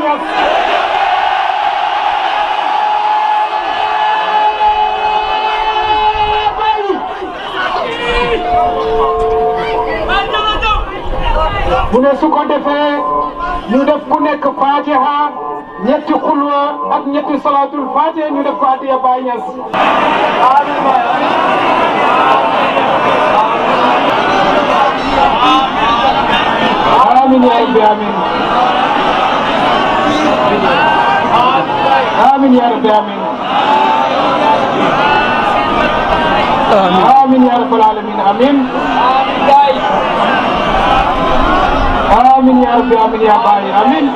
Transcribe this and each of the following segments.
Niass. mu ne su ko defee ñu def ku nekk Fatiha ñetti xulwa ak ñetti salaatul Fatiha ñu def ko addiya Baay Ñas. amiin yaa rabbi amiin آمين يا رب آمين آمين يا رب العالمين آمين آمين يا رب آمين يا باي آمين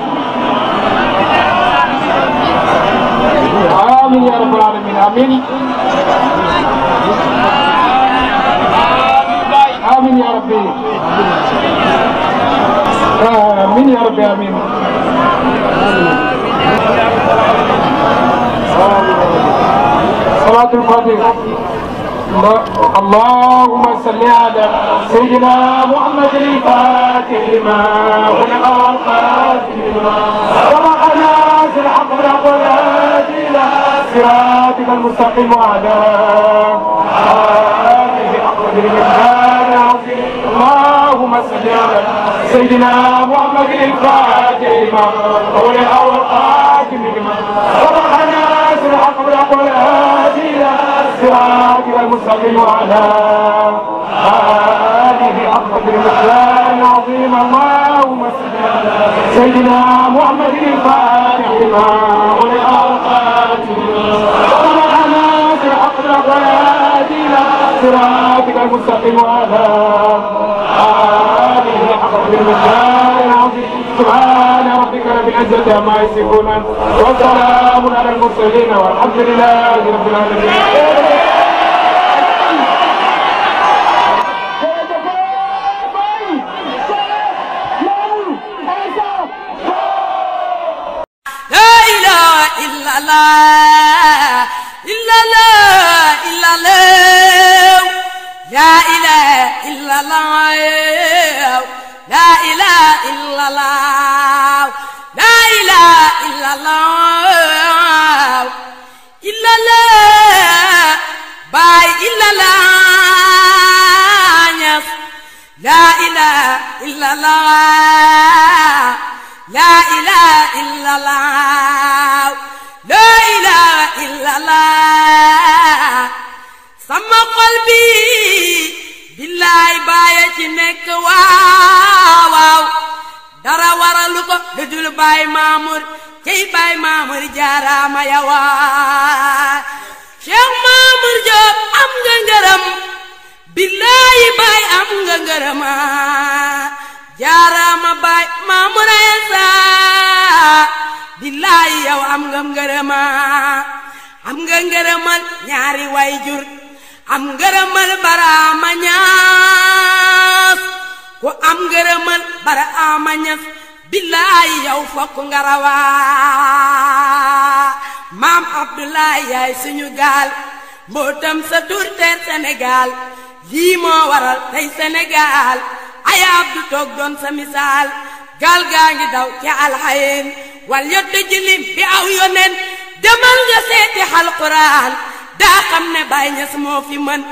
آمين يا رب العالمين آمين آمين يا ربي آمين يا ربي آمين صلاة الفاتحة اللهم صل على سيدنا محمد الفاتح لما خلق والقاتل لما سبق ناس الحق بالعقلات إلى صراطك المستقيم وعلى سيدنا محمد الخاتم أولها والخاتم ربحنا سرع قبل أقوال إلى الصراط المستقيم وعلى آله أفضل الأحلام العظيم اللهم صل سيدنا محمد الفاتح لما أولها والخاتم ربحنا سرع قبل أقوال إلى صراطك المستقيم وعلى آله حق المختار العظيم سبحان ربك رب العزة عما يصفون وسلام على المرسلين والحمد لله رب العالمين Allah illallah illallah baay illallah ñas la ilaha illallah la ilaha illallah la ilaha illallah sama xol bi billaay baaye ci nekk waaw waaw dara waralu ko lu dul baay maamur cey baay maamur jaaraama yawaa Cheikh Maamur Jóob am nga ngërëm baay am nga jaaraama baay maamur ayasa billaayi yow am nga am nga ngërëmal way jur am ngërëmal baraama ñaar am ngërëmal bara ama ñas billaay yow fokk nga rawaa maam Abdoulaye yaay suñu gaal mbootam sa tur teer lii moo waral tey Sénégal ay Abdu toog doon sa misaal gaal gaa ngi daw ci alxayeen wal yotta jilim bi aw yoneen demal nga seeti alxuraan daa xam ne Baay Ñas moo fi mën